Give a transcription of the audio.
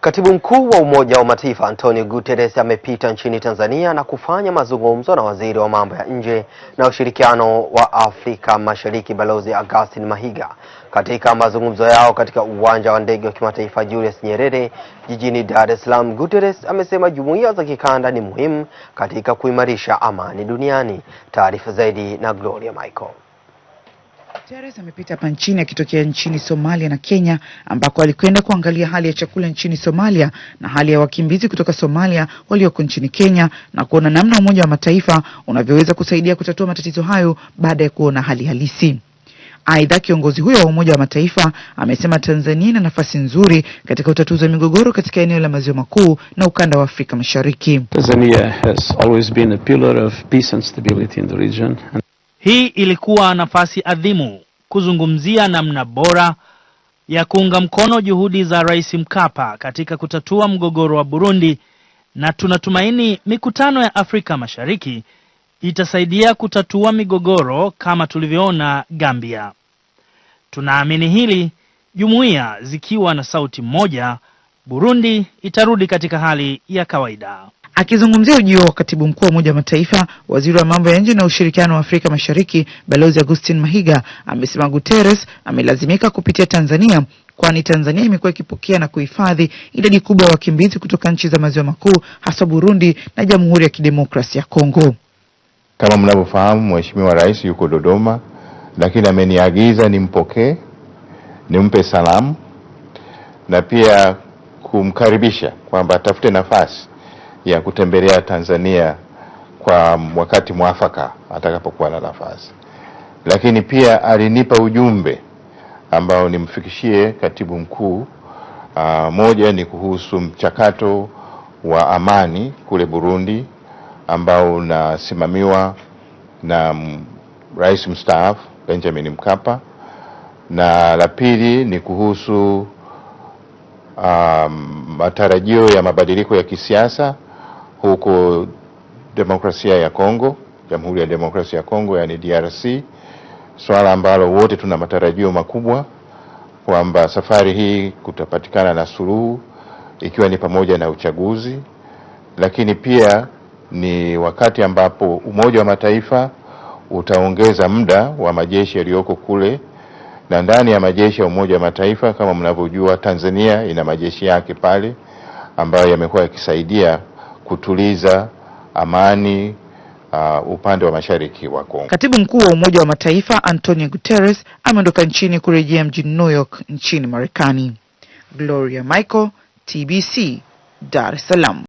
Katibu Mkuu wa Umoja wa Mataifa Antonio Guterres amepita nchini Tanzania na kufanya mazungumzo na Waziri wa Mambo ya Nje na Ushirikiano wa Afrika Mashariki Balozi augustin Mahiga katika mazungumzo yao katika Uwanja wa Ndege wa Kimataifa Julius Nyerere jijini Dar es Salaam. Guterres amesema jumuiya za kikanda ni muhimu katika kuimarisha amani duniani. Taarifa zaidi na Gloria Michael. Guterres amepita hapa nchini akitokea nchini Somalia na Kenya ambako alikwenda kuangalia hali ya chakula nchini Somalia na hali ya wakimbizi kutoka Somalia walioko nchini Kenya na kuona namna Umoja wa Mataifa unavyoweza kusaidia kutatua matatizo hayo baada ya kuona hali halisi. Aidha, kiongozi huyo wa Umoja wa Mataifa amesema Tanzania ina nafasi nzuri katika utatuzi wa migogoro katika eneo la Maziwa Makuu na ukanda wa Afrika Mashariki. Tanzania has always been a pillar of peace and stability in the region. Hii ilikuwa nafasi adhimu kuzungumzia namna bora ya kuunga mkono juhudi za Rais Mkapa katika kutatua mgogoro wa Burundi na tunatumaini mikutano ya Afrika Mashariki itasaidia kutatua migogoro kama tulivyoona Gambia. Tunaamini hili, jumuiya zikiwa na sauti moja, Burundi itarudi katika hali ya kawaida. Akizungumzia ujio wa katibu mkuu wa Umoja wa Mataifa, waziri wa mambo ya nje na ushirikiano wa Afrika Mashariki Balozi Augustin Mahiga amesema Guterres amelazimika kupitia Tanzania kwani Tanzania imekuwa ikipokea na kuhifadhi idadi kubwa ya wakimbizi kutoka nchi za maziwa makuu hasa Burundi na Jamhuri ya Kidemokrasia ya Kongo. Kama mnavyofahamu, Mheshimiwa Rais yuko Dodoma, lakini ameniagiza nimpokee, nimpe salamu na pia kumkaribisha kwamba atafute nafasi ya kutembelea Tanzania kwa wakati mwafaka atakapokuwa na nafasi. Lakini pia alinipa ujumbe ambao nimfikishie katibu mkuu. Uh, moja ni kuhusu mchakato wa amani kule Burundi ambao unasimamiwa na rais mstaafu Benjamin Mkapa, na la pili ni kuhusu um, matarajio ya mabadiliko ya kisiasa huko demokrasia ya Kongo, Jamhuri ya Demokrasia ya Kongo, yani DRC, swala ambalo wote tuna matarajio makubwa kwamba safari hii kutapatikana na suluhu, ikiwa ni pamoja na uchaguzi, lakini pia ni wakati ambapo Umoja wa Mataifa utaongeza muda wa majeshi yaliyoko kule na ndani ya majeshi ya Umoja wa Mataifa. Kama mnavyojua, Tanzania ina majeshi yake pale ambayo yamekuwa yakisaidia kutuliza amani Uh, upande wa mashariki wa Kongo. Katibu Mkuu wa Umoja wa Mataifa Antonio Guterres ameondoka nchini kurejea mjini New York nchini Marekani. Gloria Michael, TBC, Dar es Salaam.